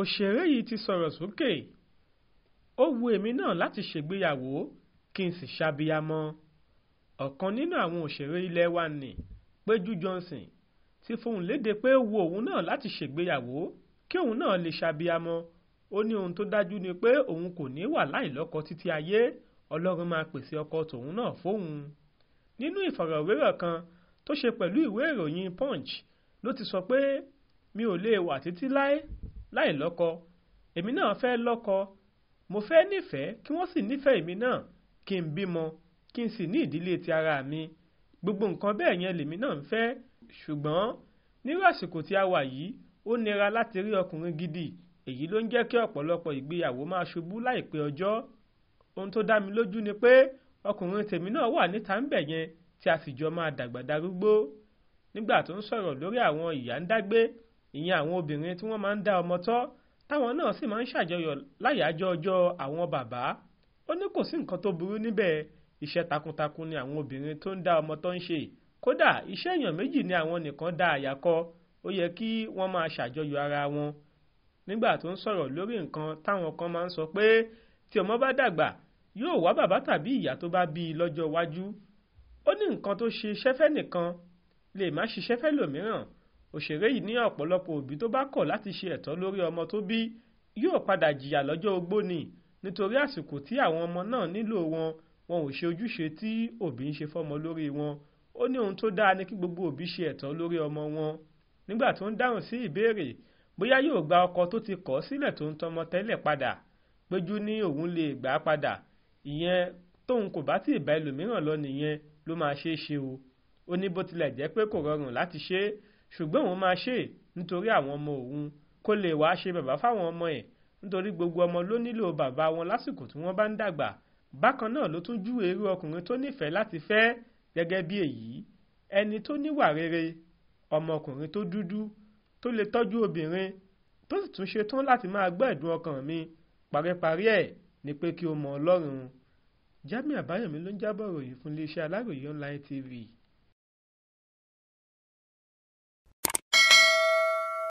òṣèré yìí ti sọ̀rọ̀ sókè ó wu èmi náà láti ṣègbéyàwó kí n sì ṣàbíyamọ ọ̀kan nínú àwọn òṣèré ilé wa nì Péjú Johnson ti fohùn léde pé ó wu òun náà láti ṣègbéyàwó kí òun náà lè ṣàbíyamọ ó ní ohun tó dájú ni pé òun kò ní wà láìlọ́kọ títí ayé Ọlọ́run máa pèsè ọkọ tòun náà fóun nínú ìfọ̀rọ̀wérọ̀ kan tó ṣe pẹ̀lú ìwé ìròyìn Punch ló ti sọ pé mi ò lè wà títí láé láì lọ́kọ èmi náà fẹ́ lọ́kọ mo fẹ́ nífẹ̀ẹ́ kí wọ́n sì nífẹ̀ẹ́ èmi náà kí n bímọ kí n sì ní ìdílé ti ara mi gbogbo nǹkan bẹ́ẹ̀ yẹn lèmi náà ń fẹ́ ṣùgbọ́n nírú àsìkò tí a wà yìí ó nira láti rí ọkùnrin gidi èyí ló ń jẹ́ kí ọ̀pọ̀lọpọ̀ ìgbéyàwó máa ṣubú láìpẹ́ ọjọ́ ohun tó dá mi lójú ni pé ọkùnrin tèmi náà wà níta ń bẹ̀ yẹn tí a sì jọ máa dàgbà darúgbó nígbà tó ń sọ̀rọ̀ lórí àwọn ìyá ń dágbé ìyẹn àwọn obìnrin tí wọ́n máa ń dá ọmọ tọ́ táwọn náà sì máa ń ṣàjọyọ̀ láyàájọ́ ọjọ́ àwọn bàbá ó ní kò sí nǹkan tó burú níbẹ̀ iṣẹ́ takuntakun ni àwọn obìnrin tó ń dá ọmọ tọ́ ń ṣe kódà iṣẹ́ èèyàn méjì ni àwọn nìkan dá àyàkọ́ ó yẹ kí wọ́n máa ṣàjọyọ̀ ara wọn nígbà tó ń sọ̀rọ̀ lórí nǹkan táwọn kan máa ń sọ pé tí ọmọ bá dàgbà yóò wá bàbá tàbí ìyá tó bá bí i lọ́jọ́ iwájú ó ní nǹkan tó ṣe ṣẹ́fẹ́ nìkan lè má ṣiṣẹ́ fẹ́ lòmíràn òṣèré yìí ní ọ̀pọ̀lọpọ̀ òbí tó bá kọ̀ láti ṣe ẹ̀tọ́ lórí ọmọ tó bí yóò padà jìyà lọ́jọ́ ogbó ni nítorí àsìkò tí àwọn ọmọ náà nílò wọn wọn ò ṣe ojúṣe tí òbí ń ṣe fọ́mọ lórí wọn ó ní ohun tó dáa ní kí gbogbo òbí ṣe ẹ̀tọ́ lórí ọmọ wọn nígbà tó ń dáhùn sí ìbéèrè bóyá yóò gba ọkọ tó ti kọ̀ sílẹ̀ tó ń tọmọ tẹ́lẹ̀ padà péjú ní òun lè gbà á padà ìyẹn tóun kò bá tí bá ẹlòmíràn lọ nìyẹn ló máa ṣeé ṣe o ó ní bó tilẹ̀ jẹ́ pé kò rọrùn láti ṣe é ṣùgbọ́n òun máa ṣe nítorí àwọn ọmọ òun kó lè wàá ṣe bàbá fáwọn ọmọ ẹ̀ nítorí gbogbo ọmọ ló nílò bàbá wọn lásìkò tí wọ́n bá ń dàgbà bákan náà ló tún júwe irú ọkùnrin tó nífẹ̀ẹ́ láti fẹ́ gẹ́gẹ́ bí èyí ẹni tó níwà rere ọmọkùnrin tó dúdú tó lè tọ́jú obìnrin tó sì tún ṣetán láti máa gbọ́ ẹ̀dùn ọkàn mi paríparí ẹ̀ ni pé kí o mọ Ọlọ́run Jamiu Àbáyọ̀mí ló ń jábọ̀ ròyìn fún iléeṣẹ́ Aláròyé Online TV